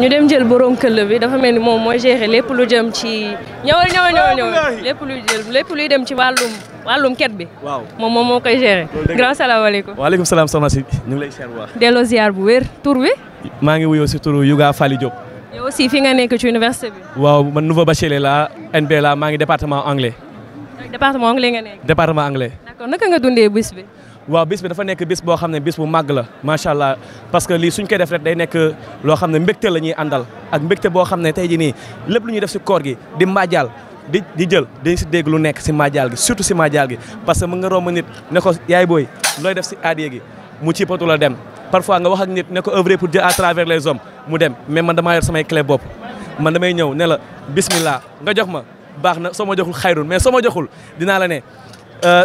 ñu dem jël borom këll bi dafa mel ni moom mooy gérer lépp lu jëm ci. ñëwal ñëwal ñëwal ñëwal lépp luy jël lépp luy dem ci wàllum wàllum ket bi. waaw moom moom moo koy gérer. grand salaamaaleykum. waaleykum salaam ñu ngi lay ziar bu baax. delloo ziar bu wér tur maa ngi wuyoo si turu Youga Fally Diop. aussi fi nga nekk ci université waaw man nouveau bachelier la NB la maa ngi département anglais. département anglais nga nekk. département anglais. d'accord naka nga dundee bés waaw bis bi dafa nekk bis boo xam ne bis bu màgg la macha allah parce que lii suñ koy def day nekk loo xam ne mbégte la ñuy àndal ak mbégte boo xam ne tey jii nii lépp lu ñuy def si koor gi di mbajaal di jël dañ si dégg nekk si mbajaal gi surtout si mbajaal gi. que mën nga romb nit ne ko yaay booy looy def si aadiya mu ci patu la dem parfois nga wax ak nit ne ko œuvrer pour Dieu à les hommes mu dem mais man damaa samay clé bopp man damay ñëw ne la bismillah nga jox ma baax na soo ma joxul xayrun mais soo ma joxul dinaa la ne. Euh,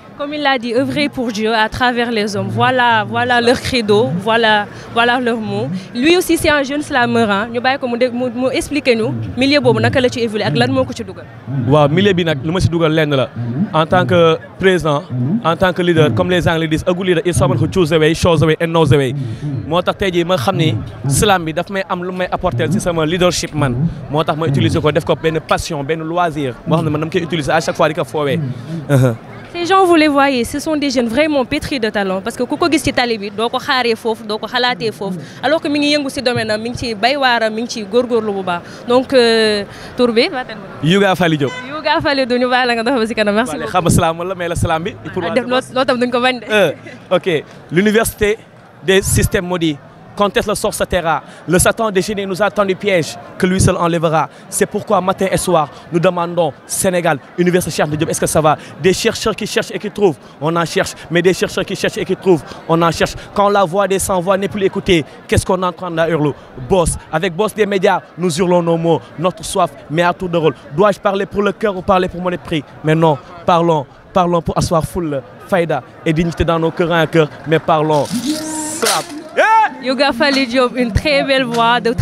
Comme il l'a dit, œuvrer pour Dieu à travers les hommes. Voilà, voilà leur credo, voilà, voilà leur mot. Lui aussi, c'est un jeune slameur. Hein. Nous allons expliquer nous milieu bobu naka la ci évoluer ak lan moko ci duggal. Waaw, milieu bi nak luma ci duggal lenn la. En tant que président, en tant que leader, comme les Anglais disent, a good leader is someone who chooses the way, shows the way and knows the way. moo tax tey jii ma xam ni slam bi daf may am lu may apporter ci sama leadership man moo tax ma utiliser ko def ko benn passion benn loisir moo xam ne man dama koy utiliser à chaque fois di ko foowee uhhuh ces gens vous les voyez ce sont des jeunes vraiment pétris de talent parce que les gis ci tali alors que mi ngi dans ci domaine am Baywara, ci donc euh, tourbe. Yuga waaten Yuga Diop merci beaucoup ok l'université des systèmes maudits quand est-ce le sort terra Le Satan déchaîné nous attend du piège que lui seul enlèvera. C'est pourquoi matin et soir, nous demandons Sénégal, Université de Dieu, est-ce que ça va Des chercheurs qui cherchent et qui trouvent, on en cherche. Mais des chercheurs qui cherchent et qui trouvent, on en cherche. Quand la voix des sans-voix n'est plus écoutée, qu'est-ce qu'on entend à hurler Boss. Avec Boss des médias, nous hurlons nos mots, notre soif, mais à tour de rôle. Dois-je parler pour le cœur ou parler pour mon esprit Mais non, parlons. Parlons pour asseoir foule, faïda et dignité dans nos cœurs et un cœur. Mais parlons. Yoga Fall une très belle voix, de